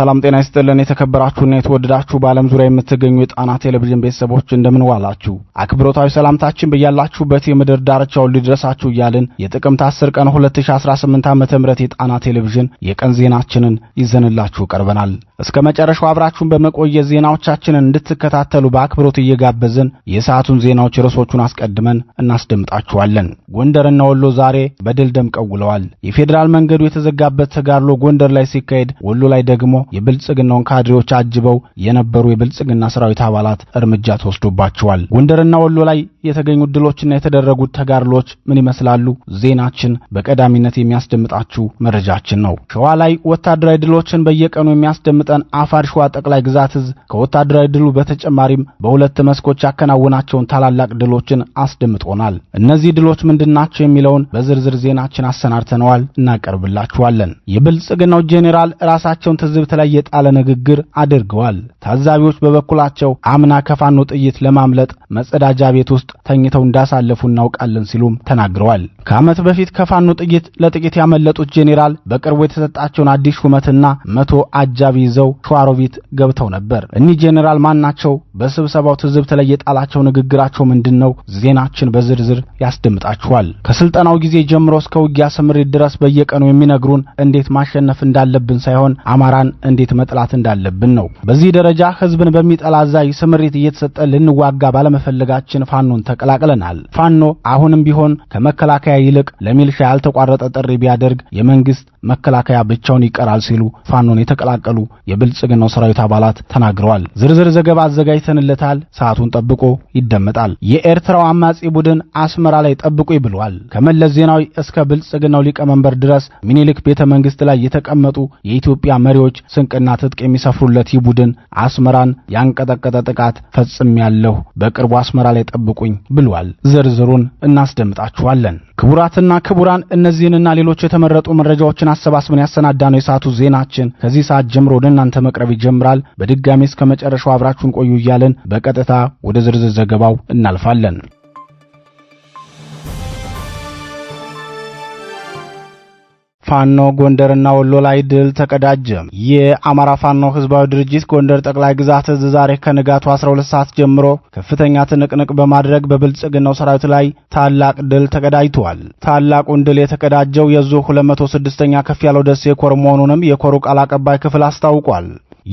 ሰላም ጤና ይስጥልን። የተከበራችሁና የተወደዳችሁ በዓለም ዙሪያ የምትገኙ የጣና ቴሌቪዥን ቤተሰቦች እንደምን ዋላችሁ? አክብሮታዊ ሰላምታችን በያላችሁበት የምድር ዳርቻውን ሊድረሳችሁ እያልን የጥቅምት 10 ቀን 2018 ዓ.ም የጣና ቴሌቪዥን የቀን ዜናችንን ይዘንላችሁ ቀርበናል። እስከ መጨረሻው አብራችሁን በመቆየት ዜናዎቻችንን እንድትከታተሉ በአክብሮት እየጋበዝን የሰዓቱን ዜናዎች ርዕሶቹን አስቀድመን እናስደምጣችኋለን። ጎንደርና ወሎ ዛሬ በድል ደምቀው ውለዋል። የፌዴራል መንገዱ የተዘጋበት ተጋድሎ ጎንደር ላይ ሲካሄድ፣ ወሎ ላይ ደግሞ የብልጽግናውን ካድሬዎች አጅበው የነበሩ የብልጽግና ሰራዊት አባላት እርምጃ ተወስዶባቸዋል። ጎንደርና ወሎ ላይ የተገኙ ድሎችና የተደረጉት ተጋድሎች ምን ይመስላሉ? ዜናችን በቀዳሚነት የሚያስደምጣችሁ መረጃችን ነው። ሸዋ ላይ ወታደራዊ ድሎችን በየቀኑ የሚያስደምጠን አፋር ሸዋ ጠቅላይ ግዛት እዝ ከወታደራዊ ድሉ በተጨማሪም በሁለት መስኮች ያከናወናቸውን ታላላቅ ድሎችን አስደምጦናል። እነዚህ ድሎች ምንድናቸው የሚለውን በዝርዝር ዜናችን አሰናድተነዋል፣ እናቀርብላችኋለን። የብልጽግናው ጄኔራል ራሳቸውን ትዝብት ላይ የጣለ ንግግር አድርገዋል። ታዛቢዎች በበኩላቸው አምና ከፋኖ ጥይት ለማምለጥ መጸዳጃ ቤት ውስጥ ተኝተው እንዳሳለፉ እናውቃለን ሲሉም ተናግረዋል። ከዓመት በፊት ከፋኖ ጥይት ለጥቂት ያመለጡት ጄኔራል በቅርቡ የተሰጣቸውን አዲስ ሹመትና መቶ አጃቢ ይዘው ሸዋሮቢት ገብተው ነበር። እኒህ ጄኔራል ማን ናቸው? በስብሰባው ትዝብት ላይ የጣላቸው ንግግራቸው ምንድን ነው? ዜናችን በዝርዝር ያስደምጣችኋል። ከስልጠናው ጊዜ ጀምሮ እስከ ውጊያ ስምሪት ድረስ በየቀኑ የሚነግሩን እንዴት ማሸነፍ እንዳለብን ሳይሆን አማራን እንዴት መጥላት እንዳለብን ነው። በዚህ ደረጃ ህዝብን በሚጠላ አዛዥ ስምሪት እየተሰጠ ልንዋጋ ባለመፈለጋችን ፋኖን ተቀላቅለናል። ፋኖ አሁንም ቢሆን ከመከላከያ ይልቅ ለሚልሻ ያልተቋረጠ ጥሪ ቢያደርግ የመንግስት መከላከያ ብቻውን ይቀራል ሲሉ ፋኖን የተቀላቀሉ የብልጽግናው ሰራዊት አባላት ተናግረዋል። ዝርዝር ዘገባ አዘጋጅተ ይበተንለታል። ሰዓቱን ጠብቆ ይደመጣል። የኤርትራው አማጺ ቡድን አስመራ ላይ ጠብቁኝ ብሏል። ከመለስ ዜናዊ እስከ ብልጽግናው ሊቀመንበር ድረስ ሚኒሊክ ቤተ መንግስት ላይ የተቀመጡ የኢትዮጵያ መሪዎች ስንቅና ትጥቅ የሚሰፍሩለት ይህ ቡድን አስመራን ያንቀጠቀጠ ጥቃት ፈጽም ያለሁ በቅርቡ አስመራ ላይ ጠብቁኝ ብሏል። ዝርዝሩን እናስደምጣችኋለን። ክቡራትና ክቡራን እነዚህንና ሌሎች የተመረጡ መረጃዎችን አሰባስበን ነው የሰዓቱ ዜናችን ከዚህ ሰዓት ጀምሮ ወደ እናንተ መቅረብ ይጀምራል። በድጋሚ እስከ መጨረሻው አብራችሁን ቆዩ እያለን በቀጥታ ወደ ዝርዝር ዘገባው እናልፋለን። ፋኖ ጎንደርና ወሎ ላይ ድል ተቀዳጀ። የአማራ ፋኖ ህዝባዊ ድርጅት ጎንደር ጠቅላይ ግዛት እዝ ዛሬ ከንጋቱ 12 ሰዓት ጀምሮ ከፍተኛ ትንቅንቅ በማድረግ በብልጽግናው ሰራዊት ላይ ታላቅ ድል ተቀዳጅቷል። ታላቁን ድል የተቀዳጀው የዙ 206ኛ ከፍ ያለው ደሴ ኮር መሆኑንም የኮሩ ቃል አቀባይ ክፍል አስታውቋል።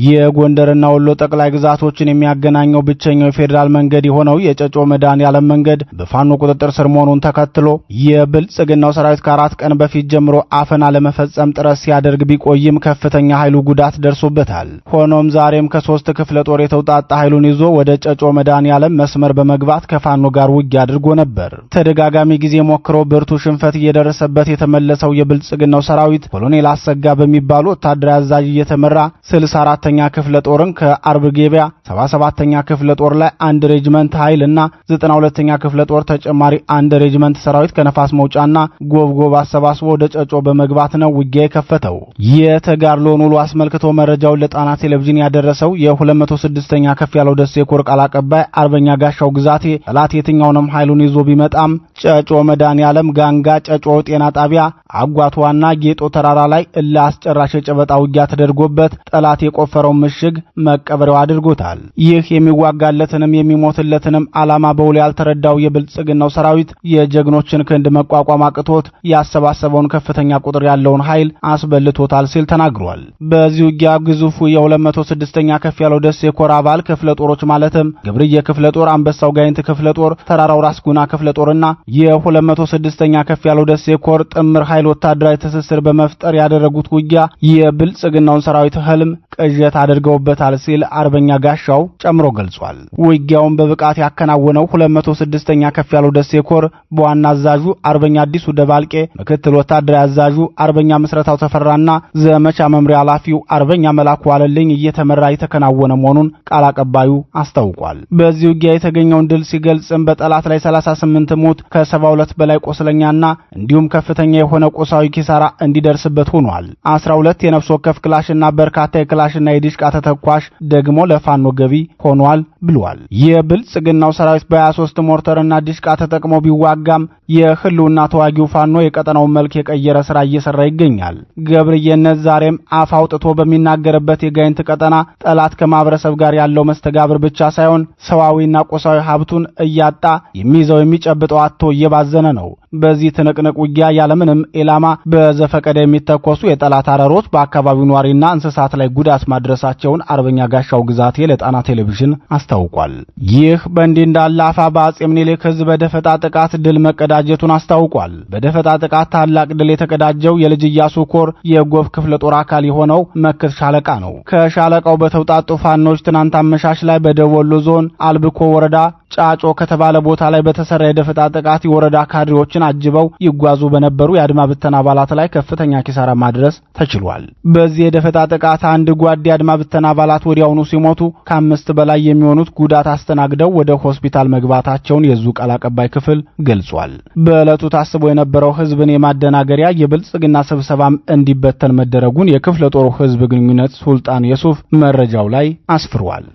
የጎንደርና ወሎ ጠቅላይ ግዛቶችን የሚያገናኘው ብቸኛው የፌዴራል መንገድ የሆነው የጨጮ መድኃኔዓለም መንገድ በፋኖ ቁጥጥር ስር መሆኑን ተከትሎ የብልጽግናው ሰራዊት ከአራት ቀን በፊት ጀምሮ አፈና ለመፈጸም ጥረት ሲያደርግ ቢቆይም ከፍተኛ ኃይሉ ጉዳት ደርሶበታል። ሆኖም ዛሬም ከሶስት ክፍለ ጦር የተውጣጣ ኃይሉን ይዞ ወደ ጨጮ መድኃኔዓለም መስመር በመግባት ከፋኖ ጋር ውጊያ አድርጎ ነበር። ተደጋጋሚ ጊዜ ሞክሮ ብርቱ ሽንፈት እየደረሰበት የተመለሰው የብልጽግናው ሰራዊት ኮሎኔል አሰጋ በሚባሉ ወታደራዊ አዛዥ እየተመራ 64 77ኛ ክፍለ ጦርን ከአርብ ገበያ 77ኛ ክፍለ ጦር ላይ አንድ ሬጅመንት ኃይል እና 92ኛ ክፍለ ጦር ተጨማሪ አንድ ሬጅመንት ሰራዊት ከነፋስ መውጫና ጎብጎብ አሰባስቦ ወደ ጨጮ በመግባት ነው ውጊያ የከፈተው። የተጋድሎውን ውሎ አስመልክቶ መረጃውን ለጣና ቴሌቪዥን ያደረሰው የ206ኛ ከፍ ያለው ደሴ ኮር ቃል አቀባይ አርበኛ ጋሻው ግዛቴ ጠላት የትኛውንም ኃይሉን ይዞ ቢመጣም ጨጮ መዳን ያለም ጋንጋ ጨጮ ጤና ጣቢያ አጓቷና ጌጦ ተራራ ላይ እልህ አስጨራሽ የጨበጣ ውጊያ ተደርጎበት ጠላት የቆ የቆፈረውን ምሽግ መቀበሪያው አድርጎታል። ይህ የሚዋጋለትንም የሚሞትለትንም ዓላማ በውል ያልተረዳው የብልጽግናው ሰራዊት የጀግኖችን ክንድ መቋቋም አቅቶት ያሰባሰበውን ከፍተኛ ቁጥር ያለውን ኃይል አስበልቶታል ሲል ተናግሯል። በዚህ ውጊያ ግዙፉ የ206ኛ ከፍ ያለው ደስ ኮር አባል ክፍለ ጦሮች ማለትም ግብርዬ ክፍለ ጦር፣ አንበሳው ጋይንት ክፍለ ጦር፣ ተራራው ራስ ጉና ክፍለ ጦርና የ206ኛ ከፍ ያለው ደስ የኮር ጥምር ኃይል ወታደራዊ ትስስር በመፍጠር ያደረጉት ውጊያ የብልጽግናውን ሰራዊት ህልም ቅዠት አድርገውበታል ሲል አርበኛ ጋሻው ጨምሮ ገልጿል። ውጊያውን በብቃት ያከናወነው 206ኛ ከፍ ያለው ደሴ ኮር በዋና አዛዡ አርበኛ አዲሱ ደባልቄ፣ ምክትል ወታደራዊ አዛዡ አርበኛ ምስረታው ተፈራና ዘመቻ መምሪያ ኃላፊው አርበኛ መላኩ አለልኝ እየተመራ የተከናወነ መሆኑን ቃል አቀባዩ አስታውቋል። በዚህ ውጊያ የተገኘውን ድል ሲገልጽም በጠላት ላይ 38 ሞት ከ72 በላይ ቆስለኛና እንዲሁም ከፍተኛ የሆነ ቁሳዊ ኪሳራ እንዲደርስበት ሆኗል። 12 የነፍስ ወከፍ ክላሽና በርካታ የክላሽ ተተኳሽና የዲሽቃ ተተኳሽ ደግሞ ለፋኖ ገቢ ሆኗል ብሏል። የብልጽግናው ሰራዊት በ23 ሞርተርና ዲሽቃ ተጠቅሞ ቢዋጋም የህልውና ተዋጊው ፋኖ የቀጠናውን መልክ የቀየረ ስራ እየሰራ ይገኛል። ገብርየነት ዛሬም አፍ አውጥቶ በሚናገርበት የጋይንት ቀጠና ጠላት ከማህበረሰብ ጋር ያለው መስተጋብር ብቻ ሳይሆን ሰዋዊና ቁሳዊ ሀብቱን እያጣ የሚይዘው የሚጨብጠው አቶ እየባዘነ ነው። በዚህ ትንቅንቅ ውጊያ ያለምንም ኢላማ በዘፈቀደ የሚተኮሱ የጠላት አረሮች በአካባቢው ነዋሪና እንስሳት ላይ ጉዳት ማድረሳቸውን አርበኛ ጋሻው ግዛቴ ለጣና ቴሌቪዥን አስታውቋል። ይህ በእንዲህ እንዳለ አፋ በአጼ ምኒልክ ህዝብ በደፈጣ ጥቃት ድል መቀዳጀቱን አስታውቋል። በደፈጣ ጥቃት ታላቅ ድል የተቀዳጀው የልጅ ኢያሱ ኮር የጎብ ክፍለ ጦር አካል የሆነው መክት ሻለቃ ነው። ከሻለቃው በተውጣጡ ፋኖች ትናንት አመሻሽ ላይ በደቡብ ዞን አልብኮ ወረዳ ጫጮ ከተባለ ቦታ ላይ በተሰራ የደፈጣ ጥቃት የወረዳ ካድሬዎችን አጅበው ይጓዙ በነበሩ የአድማ ብተና አባላት ላይ ከፍተኛ ኪሳራ ማድረስ ተችሏል። በዚህ የደፈጣ ጥቃት አንድ ጓድ የአድማ ብተና አባላት ወዲያውኑ ሲሞቱ ከአምስት በላይ የሚሆኑት ጉዳት አስተናግደው ወደ ሆስፒታል መግባታቸውን የዙ ቃል አቀባይ ክፍል ገልጿል። በዕለቱ ታስቦ የነበረው ህዝብን የማደናገሪያ የብልጽግና ስብሰባም እንዲበተን መደረጉን የክፍለ ጦሩ ህዝብ ግንኙነት ሱልጣን የሱፍ መረጃው ላይ አስፍሯል።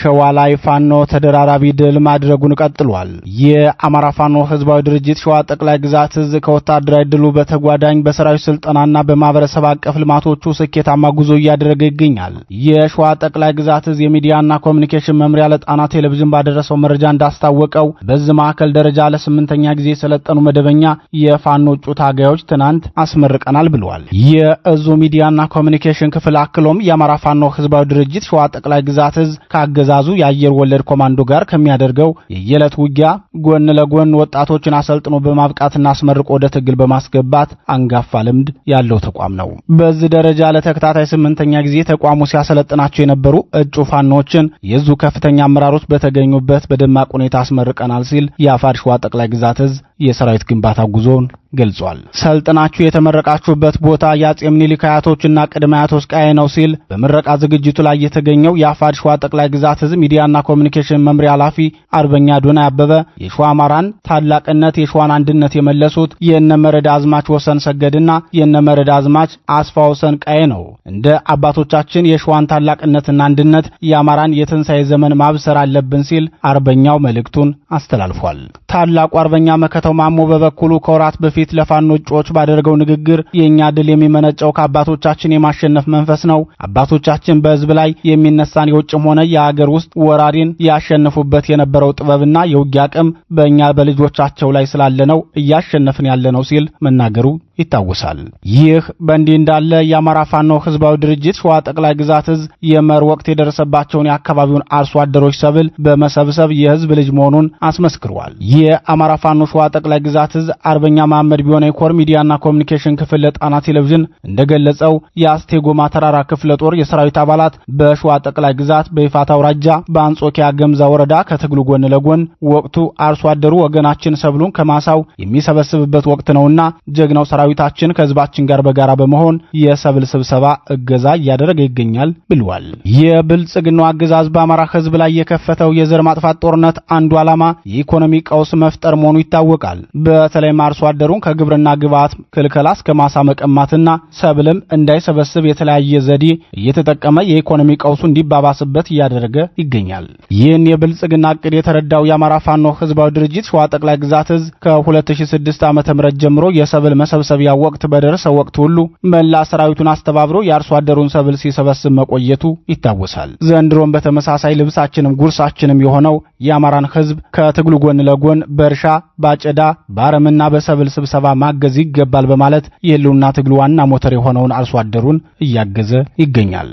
ሸዋ ላይ ፋኖ ተደራራቢ ድል ማድረጉን ቀጥሏል። የአማራ ፋኖ ህዝባዊ ድርጅት ሸዋ ጠቅላይ ግዛት እዝ ከወታደራዊ ድሉ በተጓዳኝ በሰራዊት ስልጠናና በማህበረሰብ አቀፍ ልማቶቹ ስኬታማ ጉዞ እያደረገ ይገኛል። የሸዋ ጠቅላይ ግዛት እዝ የሚዲያና ኮሚኒኬሽን መምሪያ ለጣና ቴሌቪዥን ባደረሰው መረጃ እንዳስታወቀው በዝ ማዕከል ደረጃ ለስምንተኛ ጊዜ የሰለጠኑ መደበኛ የፋኖ እጩ ታጋዮች ትናንት አስመርቀናል ብለዋል። የእዙ ሚዲያና ኮሚኒኬሽን ክፍል አክሎም የአማራ ፋኖ ህዝባዊ ድርጅት ሸዋ ጠቅላይ ግዛት እዝ ካገ አገዛዙ የአየር ወለድ ኮማንዶ ጋር ከሚያደርገው የየዕለት ውጊያ ጎን ለጎን ወጣቶችን አሰልጥኖ በማብቃትና አስመርቆ ወደ ትግል በማስገባት አንጋፋ ልምድ ያለው ተቋም ነው። በዚህ ደረጃ ለተከታታይ ስምንተኛ ጊዜ ተቋሙ ሲያሰለጥናቸው የነበሩ እጩ ፋኖችን የዙ ከፍተኛ አመራሮች በተገኙበት በደማቅ ሁኔታ አስመርቀናል ሲል የአፋድ ሸዋ ጠቅላይ ግዛት እዝ የሰራዊት ግንባታ ጉዞን ገልጿል። ሰልጥናችሁ የተመረቃችሁበት ቦታ የአጼ ምኒልክ አያቶችና ቅድመ አያቶች ነው ሲል በምረቃ ዝግጅቱ ላይ የተገኘው የአፋድ ሸዋ ጠቅላይ ግዛት የህወሓት ህዝብ ሚዲያና ኮሚኒኬሽን መምሪያ ኃላፊ አርበኛ ዶና አበበ የሸዋ አማራን ታላቅነት የሸዋን አንድነት የመለሱት የእነመረድ አዝማች ወሰን ሰገድና የእነመረድ አዝማች አስፋ ወሰን ቀዬ ነው። እንደ አባቶቻችን የሸዋን ታላቅነትና አንድነት የአማራን የትንሣኤ ዘመን ማብሰር አለብን ሲል አርበኛው መልእክቱን አስተላልፏል። ታላቁ አርበኛ መከተው ማሞ በበኩሉ ከወራት በፊት ለፋኖ እጩዎች ባደረገው ንግግር የእኛ ድል የሚመነጨው ከአባቶቻችን የማሸነፍ መንፈስ ነው። አባቶቻችን በህዝብ ላይ የሚነሳን የውጭም ሆነ የአገ ሀገር ውስጥ ወራሪን ያሸነፉበት የነበረው ጥበብና የውጊ አቅም በእኛ በልጆቻቸው ላይ ስላለነው እያሸነፍን ያለነው ሲል መናገሩ ይታወሳል። ይህ በእንዲህ እንዳለ የአማራ ፋኖ ህዝባዊ ድርጅት ሸዋ ጠቅላይ ግዛት እዝ የመር ወቅት የደረሰባቸውን የአካባቢውን አርሶ አደሮች ሰብል በመሰብሰብ የህዝብ ልጅ መሆኑን አስመስክሯል። የአማራ ፋኖ ሸዋ ጠቅላይ ግዛት እዝ አርበኛ መሐመድ ቢሆነ የኮር ሚዲያና ኮሚኒኬሽን ክፍል ለጣና ቴሌቪዥን እንደገለጸው የአስቴጎማ ተራራ ክፍለ ጦር የሰራዊት አባላት በሸዋ ጠቅላይ ግዛት በይፋት አውራ አውራጃ በአንጾኪያ ገምዛ ወረዳ ከትግሉ ጎን ለጎን ወቅቱ አርሶ አደሩ ወገናችን ሰብሉን ከማሳው የሚሰበስብበት ወቅት ነውና ጀግናው ሰራዊታችን ከህዝባችን ጋር በጋራ በመሆን የሰብል ስብሰባ እገዛ እያደረገ ይገኛል ብሏል። የብልጽግናው አገዛዝ በአማራ ህዝብ ላይ የከፈተው የዘር ማጥፋት ጦርነት አንዱ ዓላማ የኢኮኖሚ ቀውስ መፍጠር መሆኑ ይታወቃል። በተለይም አርሶ አደሩን ከግብርና ግብዓት ክልከላ እስከ ማሳ መቀማትና ሰብልም እንዳይሰበስብ የተለያየ ዘዴ እየተጠቀመ የኢኮኖሚ ቀውሱ እንዲባባስበት እያደረገ ይገኛል። ይህን የብልጽግና እቅድ የተረዳው የአማራ ፋኖ ህዝባዊ ድርጅት ሸዋ ጠቅላይ ግዛት እዝ ከ2006 ዓ ም ጀምሮ የሰብል መሰብሰቢያ ወቅት በደረሰው ወቅት ሁሉ መላ ሰራዊቱን አስተባብሮ የአርሶ አደሩን ሰብል ሲሰበስብ መቆየቱ ይታወሳል። ዘንድሮም በተመሳሳይ ልብሳችንም ጉርሳችንም የሆነው የአማራን ህዝብ ከትግሉ ጎን ለጎን በእርሻ ባጨዳ፣ በአረምና በሰብል ስብሰባ ማገዝ ይገባል በማለት የህልውና ትግሉ ዋና ሞተር የሆነውን አርሶ አደሩን እያገዘ ይገኛል።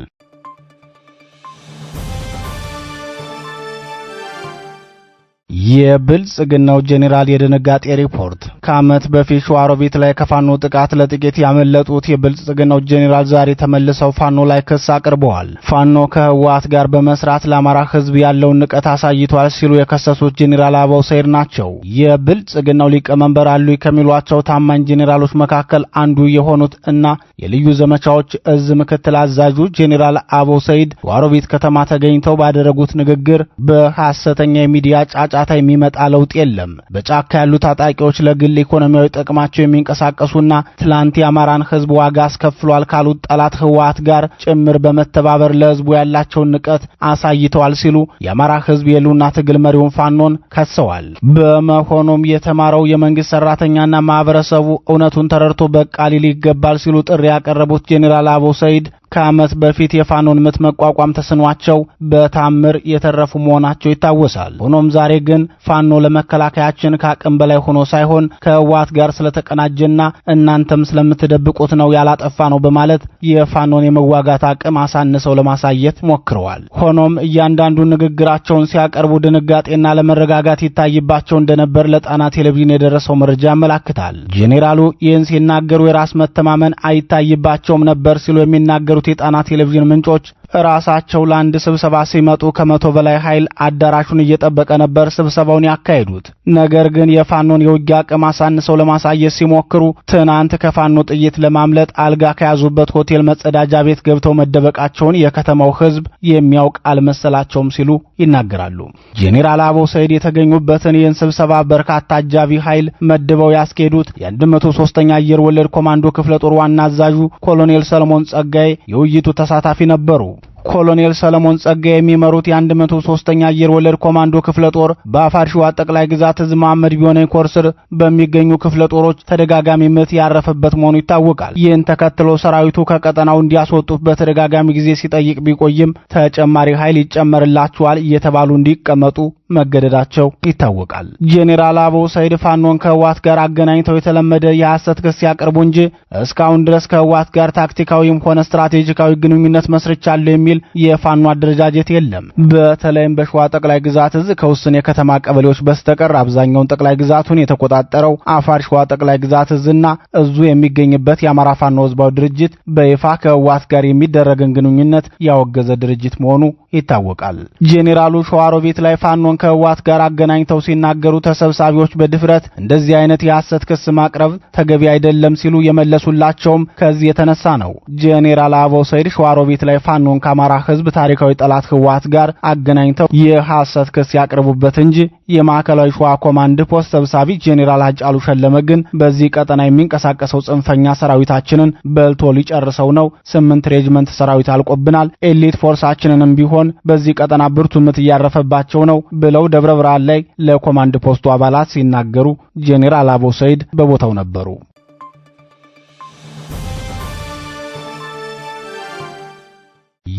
የብልጽግናው ጄኔራል የድንጋጤ ሪፖርት። ከዓመት በፊት ሸዋሮቢት ላይ ከፋኖ ጥቃት ለጥቂት ያመለጡት የብልጽግናው ጄኔራል ዛሬ ተመልሰው ፋኖ ላይ ክስ አቅርበዋል። ፋኖ ከህወሓት ጋር በመስራት ለአማራ ህዝብ ያለውን ንቀት አሳይቷል ሲሉ የከሰሱት ጄኔራል አበው ሰይድ ናቸው። የብልጽግናው ሊቀመንበር አሉ ከሚሏቸው ታማኝ ጄኔራሎች መካከል አንዱ የሆኑት እና የልዩ ዘመቻዎች እዝ ምክትል አዛዡ ጄኔራል አበው ሰይድ ሸዋሮቢት ከተማ ተገኝተው ባደረጉት ንግግር በሐሰተኛ የሚዲያ ጫጫ እርዳታ የሚመጣ ለውጥ የለም። በጫካ ያሉ ታጣቂዎች ለግል ኢኮኖሚያዊ ጥቅማቸው የሚንቀሳቀሱና ትላንት የአማራን ህዝብ ዋጋ አስከፍሏል ካሉት ጠላት ህወሓት ጋር ጭምር በመተባበር ለህዝቡ ያላቸውን ንቀት አሳይተዋል ሲሉ የአማራ ህዝብ የሉና ትግል መሪውን ፋኖን ከሰዋል። በመሆኑም የተማረው የመንግስት ሰራተኛና ማህበረሰቡ እውነቱን ተረድቶ በቃ ሊል ይገባል ሲሉ ጥሪ ያቀረቡት ጄኔራል አቦ ሰይድ ከዓመት በፊት የፋኖን ምት መቋቋም ተስኗቸው በታምር የተረፉ መሆናቸው ይታወሳል። ሆኖም ዛሬ ግን ፋኖ ለመከላከያችን ከአቅም በላይ ሆኖ ሳይሆን ከህወሓት ጋር ስለተቀናጀና እናንተም ስለምትደብቁት ነው ያላጠፋ ነው በማለት የፋኖን የመዋጋት አቅም አሳንሰው ለማሳየት ሞክረዋል። ሆኖም እያንዳንዱ ንግግራቸውን ሲያቀርቡ ድንጋጤና ለመረጋጋት ይታይባቸው እንደነበር ለጣና ቴሌቪዥን የደረሰው መረጃ ያመላክታል። ጄኔራሉ ይህን ሲናገሩ የራስ መተማመን አይታይባቸውም ነበር ሲሉ የሚናገሩ የጣና ቴሌቪዥን ምንጮች ራሳቸው ለአንድ ስብሰባ ሲመጡ ከመቶ በላይ ኃይል አዳራሹን እየጠበቀ ነበር ስብሰባውን ያካሄዱት። ነገር ግን የፋኖን የውጊያ አቅም አሳንሰው ለማሳየት ሲሞክሩ ትናንት ከፋኖ ጥይት ለማምለጥ አልጋ ከያዙበት ሆቴል መጸዳጃ ቤት ገብተው መደበቃቸውን የከተማው ሕዝብ የሚያውቅ አልመሰላቸውም ሲሉ ይናገራሉ። ጄኔራል አቦ ሰይድ የተገኙበትን ይህን ስብሰባ በርካታ አጃቢ ኃይል መድበው ያስኬዱት የ103ኛ አየር ወለድ ኮማንዶ ክፍለ ጦር ዋና አዛዡ ኮሎኔል ሰለሞን ጸጋይ የውይይቱ ተሳታፊ ነበሩ። ኮሎኔል ሰለሞን ጸጋ የሚመሩት የ103ኛ አየር ወለድ ኮማንዶ ክፍለ ጦር በአፋር ሸዋ ጠቅላይ ግዛት እዝ መሐመድ ቢሆነኝ ኮር በሚገኙ ክፍለ ጦሮች ተደጋጋሚ ምት ያረፈበት መሆኑ ይታወቃል። ይህን ተከትሎ ሰራዊቱ ከቀጠናው እንዲያስወጡት በተደጋጋሚ ጊዜ ሲጠይቅ ቢቆይም ተጨማሪ ኃይል ይጨመርላቸዋል እየተባሉ እንዲቀመጡ መገደዳቸው ይታወቃል። ጄኔራል አበው ሰይድ ፋኖን ከህዋት ጋር አገናኝተው የተለመደ የሐሰት ክስ ያቀርቡ እንጂ እስካሁን ድረስ ከህዋት ጋር ታክቲካዊም ሆነ ስትራቴጂካዊ ግንኙነት መስርቻለሁ የሚል የሚል የፋኖ አደረጃጀት የለም። በተለይም በሸዋ ጠቅላይ ግዛት እዝ ከውስን የከተማ ቀበሌዎች በስተቀር አብዛኛውን ጠቅላይ ግዛቱን የተቆጣጠረው አፋር ሸዋ ጠቅላይ ግዛት እዝና እዙ የሚገኝበት የአማራ ፋኖ ህዝባዊ ድርጅት በይፋ ከህወሓት ጋር የሚደረግን ግንኙነት ያወገዘ ድርጅት መሆኑ ይታወቃል። ጄኔራሉ ሸዋሮቢት ላይ ፋኖን ከህወሓት ጋር አገናኝተው ሲናገሩ ተሰብሳቢዎች በድፍረት እንደዚህ አይነት የሐሰት ክስ ማቅረብ ተገቢ አይደለም ሲሉ የመለሱላቸውም ከዚህ የተነሳ ነው። ጄኔራል አበው ሰይድ ሸዋሮቢት ላይ ፋኖን የአማራ ህዝብ ታሪካዊ ጠላት ህወሓት ጋር አገናኝተው የሐሰት ክስ ያቅርቡበት እንጂ የማዕከላዊ ሸዋ ኮማንድ ፖስት ሰብሳቢ ጄኔራል አጫሉ ሸለመ ግን በዚህ ቀጠና የሚንቀሳቀሰው ጽንፈኛ ሰራዊታችንን በልቶ ሊጨርሰው ነው። ስምንት ሬጅመንት ሰራዊት አልቆብናል። ኤሊት ፎርሳችንንም ቢሆን በዚህ ቀጠና ብርቱ ምት እያረፈባቸው ነው ብለው ደብረ ብርሃን ላይ ለኮማንድ ፖስቱ አባላት ሲናገሩ ጄኔራል አቦ ሰይድ በቦታው ነበሩ።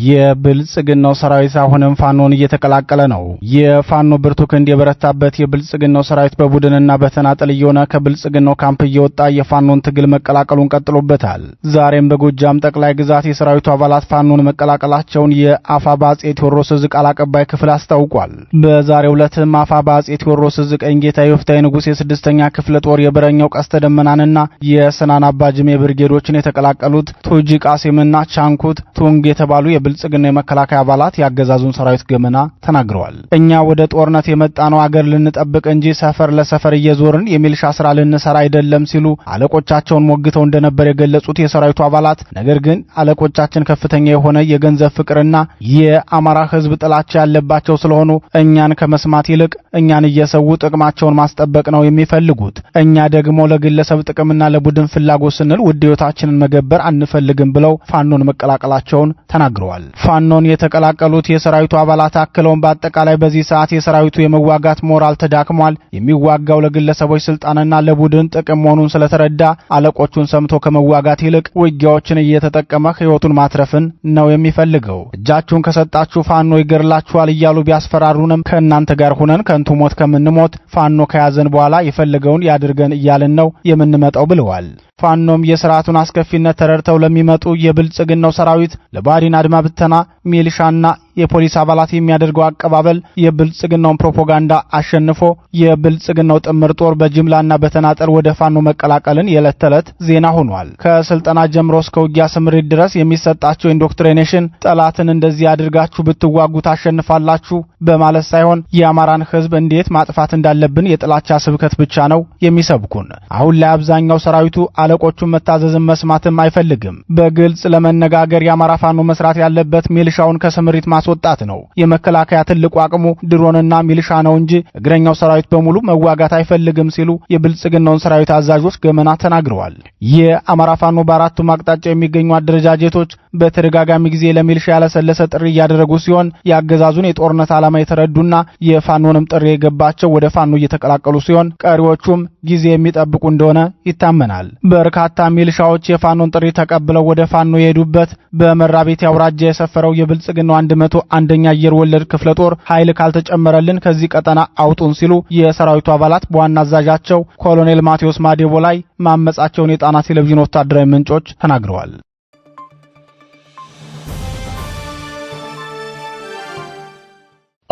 የብልጽግናው ሰራዊት አሁንም ፋኖን እየተቀላቀለ ነው። የፋኖ ብርቱ ክንድ የበረታበት የብልጽግናው ሰራዊት በቡድንና በተናጠል እየሆነ ከብልጽግናው ካምፕ እየወጣ የፋኖን ትግል መቀላቀሉን ቀጥሎበታል። ዛሬም በጎጃም ጠቅላይ ግዛት የሰራዊቱ አባላት ፋኖን መቀላቀላቸውን የአፋባ ባጼ ቴዎድሮስ እዝ ቃል አቀባይ ክፍል አስታውቋል። በዛሬው ዕለትም አፋባ አጼ ቴዎድሮስ እዝ እንጌታ የወፍታዊ ንጉሥ የስድስተኛ ክፍለ ጦር የበረኛው ቀስተ ደመናንና የስናን አባጅሜ ብርጌዶችን የተቀላቀሉት ቱጂ ቃሴምና ቻንኩት ቱንግ የተባሉ የብልጽግና የመከላከያ አባላት የአገዛዙን ሰራዊት ገመና ተናግረዋል። እኛ ወደ ጦርነት የመጣነው አገር ልንጠብቅ እንጂ ሰፈር ለሰፈር እየዞርን የሚልሻ ስራ ልንሰራ አይደለም ሲሉ አለቆቻቸውን ሞግተው እንደነበር የገለጹት የሰራዊቱ አባላት ነገር ግን አለቆቻችን ከፍተኛ የሆነ የገንዘብ ፍቅርና የአማራ ህዝብ ጥላቻ ያለባቸው ስለሆኑ እኛን ከመስማት ይልቅ እኛን እየሰዉ ጥቅማቸውን ማስጠበቅ ነው የሚፈልጉት። እኛ ደግሞ ለግለሰብ ጥቅምና ለቡድን ፍላጎት ስንል ውድ ህይወታችንን መገበር አንፈልግም ብለው ፋኖን መቀላቀላቸውን ተናግረዋል። ገልጸዋል። ፋኖን የተቀላቀሉት የሰራዊቱ አባላት አክለውን በአጠቃላይ በዚህ ሰዓት የሰራዊቱ የመዋጋት ሞራል ተዳክሟል። የሚዋጋው ለግለሰቦች ስልጣንና ለቡድን ጥቅም መሆኑን ስለተረዳ አለቆቹን ሰምቶ ከመዋጋት ይልቅ ውጊያዎችን እየተጠቀመ ህይወቱን ማትረፍን ነው የሚፈልገው። እጃችሁን ከሰጣችሁ ፋኖ ይገድላችኋል እያሉ ቢያስፈራሩንም ከእናንተ ጋር ሁነን ከንቱ ሞት ከምንሞት ፋኖ ከያዘን በኋላ የፈለገውን ያድርገን እያልን ነው የምንመጣው ብለዋል። ፋኖም የስርዓቱን አስከፊነት ተረድተው ለሚመጡ የብልጽግናው ሰራዊት ለባዲን አድማ ብተና ሚልሻና የፖሊስ አባላት የሚያደርገው አቀባበል የብልጽግናውን ፕሮፓጋንዳ አሸንፎ የብልጽግናው ጥምር ጦር በጅምላና በተናጠር ወደ ፋኖ መቀላቀልን የዕለት ተዕለት ዜና ሆኗል። ከስልጠና ጀምሮ እስከ ውጊያ ስምሪት ድረስ የሚሰጣቸው ኢንዶክትሪኔሽን ጠላትን እንደዚህ አድርጋችሁ ብትዋጉ ታሸንፋላችሁ በማለት ሳይሆን የአማራን ሕዝብ እንዴት ማጥፋት እንዳለብን የጥላቻ ስብከት ብቻ ነው የሚሰብኩን። አሁን ላይ አብዛኛው ሰራዊቱ አለቆቹን መታዘዝን መስማትም አይፈልግም። በግልጽ ለመነጋገር የአማራ ፋኖ መስራት ያለበት ሚልሻውን ከስምሪት ማስወጣት ነው። የመከላከያ ትልቁ አቅሙ ድሮንና ሚልሻ ነው እንጂ እግረኛው ሰራዊት በሙሉ መዋጋት አይፈልግም ሲሉ የብልጽግናውን ሰራዊት አዛዦች ገመና ተናግረዋል። የአማራ ፋኖ በአራቱም አቅጣጫ የሚገኙ አደረጃጀቶች በተደጋጋሚ ጊዜ ለሚልሻ ያለሰለሰ ጥሪ እያደረጉ ሲሆን የአገዛዙን የጦርነት ዓላማ የተረዱና የፋኖንም ጥሪ የገባቸው ወደ ፋኖ እየተቀላቀሉ ሲሆን ቀሪዎቹም ጊዜ የሚጠብቁ እንደሆነ ይታመናል። በርካታ ሚልሻዎች የፋኖን ጥሪ ተቀብለው ወደ ፋኖ የሄዱበት በመራቤቴ አውራጃ የሰፈረው የብልጽግናው አንድ መቶ መቶ አንደኛ አየር ወለድ ክፍለ ጦር ኃይል ካልተጨመረልን ከዚህ ቀጠና አውጡን ሲሉ የሰራዊቱ አባላት በዋና አዛዣቸው ኮሎኔል ማቴዎስ ማዴቦ ላይ ማመጻቸውን የጣና ቴሌቪዥን ወታደራዊ ምንጮች ተናግረዋል።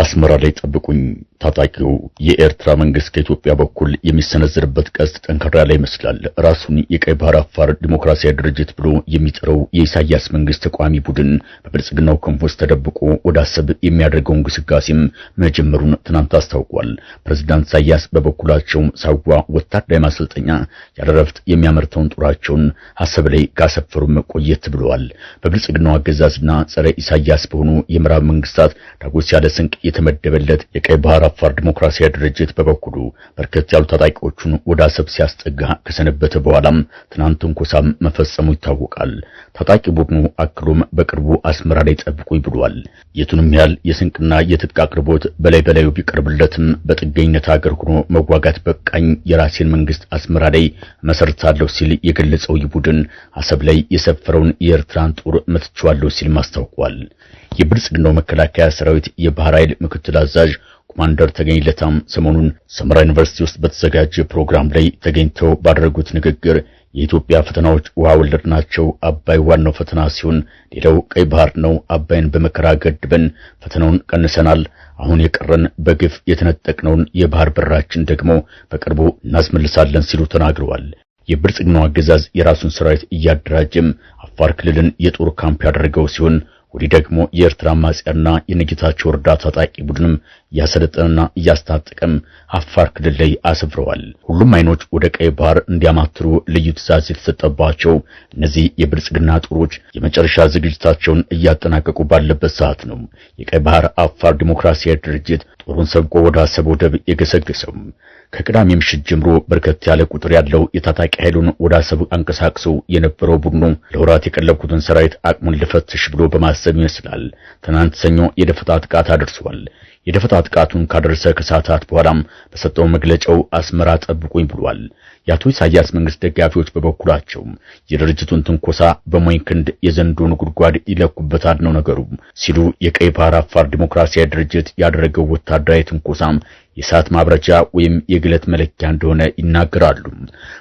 አስመራ ላይ ጠብቁኝ። ታጣቂው የኤርትራ መንግስት ከኢትዮጵያ በኩል የሚሰነዘርበት ቀስት ጠንካራ ላይ ይመስላል። ራሱን የቀይ ባህር አፋር ዲሞክራሲያዊ ድርጅት ብሎ የሚጠራው የኢሳያስ መንግስት ተቋሚ ቡድን በብልጽግናው ክንፍ ውስጥ ተደብቆ ወደ አሰብ የሚያደርገው እንቅስቃሴም መጀመሩን ትናንት አስታውቋል። ፕሬዚዳንት ኢሳያስ በበኩላቸው ሳዋ ወታደራዊ ማሰልጠኛ ያለረፍት የሚያመርተውን ጦራቸውን አሰብ ላይ ካሰፈሩ መቆየት ብለዋል። በብልጽግናው አገዛዝና ጸረ ኢሳያስ በሆኑ የምዕራብ መንግስታት ዳጎስ ያለ ስንቅ የተመደበለት የቀይ ባህር አፋር ዲሞክራሲያዊ ድርጅት በበኩሉ በርከት ያሉ ታጣቂዎቹን ወደ አሰብ ሲያስጠጋ ከሰነበተ በኋላም ትናንት ኮሳም መፈጸሙ ይታወቃል። ታጣቂ ቡድኑ አክሎም በቅርቡ አስመራ ላይ ጠብቁኝ ብሏል። የቱንም ያህል የስንቅና የትጥቅ አቅርቦት በላይ በላዩ ቢቀርብለትም በጥገኝነት ሀገር ሆኖ መዋጋት በቃኝ፣ የራሴን መንግስት አስመራ ላይ መሰርታለሁ ሲል የገለጸው ይህ ቡድን አሰብ ላይ የሰፈረውን የኤርትራን ጦር መትቼዋለሁ ሲል ማስታውቋል። የብልጽግናው መከላከያ ሰራዊት የባህር ኃይል ምክትል አዛዥ ኮማንደር ተገኝ ለታም ሰሞኑን ሰመራ ዩኒቨርሲቲ ውስጥ በተዘጋጀ ፕሮግራም ላይ ተገኝተው ባደረጉት ንግግር የኢትዮጵያ ፈተናዎች ውሃ ወለድ ናቸው፣ አባይ ዋናው ፈተና ሲሆን ሌላው ቀይ ባህር ነው፣ አባይን በመከራ ገድበን ፈተናውን ቀንሰናል፣ አሁን የቀረን በግፍ የተነጠቅነውን የባህር በራችን ደግሞ በቅርቡ እናስመልሳለን ሲሉ ተናግረዋል። የብልጽግናው አገዛዝ የራሱን ሰራዊት እያደራጀም አፋር ክልልን የጦር ካምፕ ያደረገው ሲሆን ወዲህ ደግሞ የኤርትራ አማጽያና የነጌታቸው ረዳ ታጣቂ ቡድንም እያሰለጠነና እያስታጠቀም አፋር ክልል ላይ አሰፍረዋል። ሁሉም አይኖች ወደ ቀይ ባህር እንዲያማትሩ ልዩ ትእዛዝ የተሰጠባቸው እነዚህ የብልጽግና ጦሮች የመጨረሻ ዝግጅታቸውን እያጠናቀቁ ባለበት ሰዓት ነው የቀይ ባህር አፋር ዲሞክራሲያዊ ድርጅት ጦሩን ሰብቆ ወደ አሰብ ወደብ የገሰገሰው ከቅዳሜ ምሽት ጀምሮ በርከት ያለ ቁጥር ያለው የታጣቂ ኃይሉን ወደ አሰብ አንቀሳቅሰው የነበረው ቡድኑ ለወራት የቀለብኩትን ሰራዊት አቅሙን ልፈትሽ ብሎ በማሰብ ይመስላል ትናንት ሰኞ የደፈጣ ጥቃት አድርሷል። የደፈጣ ጥቃቱን ካደረሰ ከሰዓታት በኋላም በሰጠው መግለጫው አስመራ ጠብቁኝ ብሏል። የአቶ ኢሳያስ መንግስት ደጋፊዎች በበኩላቸው የድርጅቱን ትንኮሳ በሞኝ ክንድ የዘንዶን ጉድጓድ ይለኩበታል ነው ነገሩ ሲሉ የቀይ ባህር አፋር ዲሞክራሲያዊ ድርጅት ያደረገው ወታደራዊ ትንኮሳም የእሳት ማብረጃ ወይም የግለት መለኪያ እንደሆነ ይናገራሉ።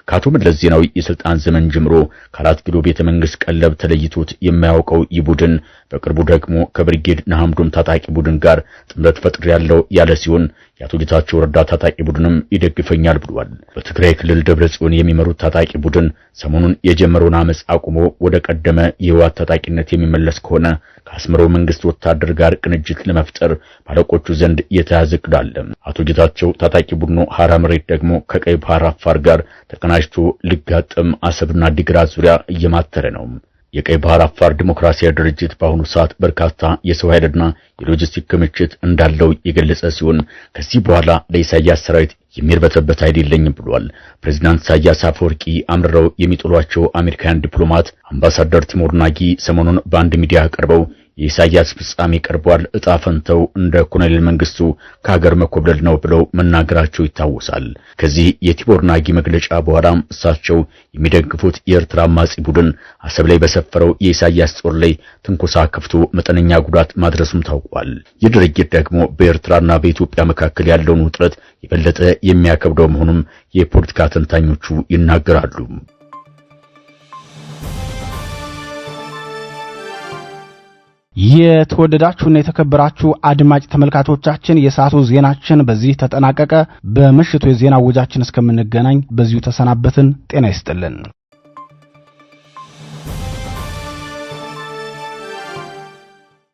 ከአቶ መለስ ዜናዊ የስልጣን ዘመን ጀምሮ ከአራት ኪሎ ቤተ መንግስት ቀለብ ተለይቶት የማያውቀው ይህ ቡድን በቅርቡ ደግሞ ከብርጌድ ናሐምዶም ታጣቂ ቡድን ጋር ጥምረት ፈጥሬያለሁ ያለ ሲሆን የአቶ ጌታቸው ረዳ ታጣቂ ቡድንም ይደግፈኛል ብሏል። በትግራይ ክልል ደብረ ጽዮን የሚመሩት ታጣቂ ቡድን ሰሞኑን የጀመረውን አመፅ አቁሞ ወደ ቀደመ የህወሓት ታጣቂነት የሚመለስ ከሆነ ከአስመራው መንግስት ወታደር ጋር ቅንጅት ለመፍጠር ባለቆቹ ዘንድ የተያዘ እቅድ አለ። አቶ ጌታቸው ታጣቂ ቡድኑ ሐራ መሬት ደግሞ ከቀይ ባህር አፋር ጋር ተቀናጅቶ ሊጋጠም አሰብና ዲግራት ዙሪያ እየማተረ ነው። የቀይ ባህር አፋር ዲሞክራሲያዊ ድርጅት በአሁኑ ሰዓት በርካታ የሰው ኃይልና የሎጂስቲክ ክምችት እንዳለው የገለጸ ሲሆን ከዚህ በኋላ ለኢሳያስ ሰራዊት የሚርበተበት ኃይል የለኝም ብሏል። ፕሬዚዳንት ኢሳያስ አፈወርቂ አምርረው የሚጥሏቸው አሜሪካን ዲፕሎማት አምባሳደር ቲሞር ናጊ ሰሞኑን በአንድ ሚዲያ ቀርበው የኢሳያስ ፍጻሜ ቀርቧል፣ እጣ ፈንተው እንደ ኮሎኔል መንግስቱ ከሀገር መኮብለል ነው ብለው መናገራቸው ይታወሳል። ከዚህ የቲቦር ናጊ መግለጫ በኋላም እሳቸው የሚደግፉት የኤርትራ አማጺ ቡድን አሰብ ላይ በሰፈረው የኢሳያስ ጦር ላይ ትንኮሳ ከፍቶ መጠነኛ ጉዳት ማድረሱም ታውቋል። ይህ ድርጊት ደግሞ በኤርትራና በኢትዮጵያ መካከል ያለውን ውጥረት የበለጠ የሚያከብደው መሆኑም የፖለቲካ ተንታኞቹ ይናገራሉ። የተወደዳችሁና የተከበራችሁ አድማጭ ተመልካቾቻችን የሰዓቱ ዜናችን በዚህ ተጠናቀቀ። በምሽቱ የዜና ወጃችን እስከምንገናኝ በዚሁ ተሰናበትን። ጤና ይስጥልን።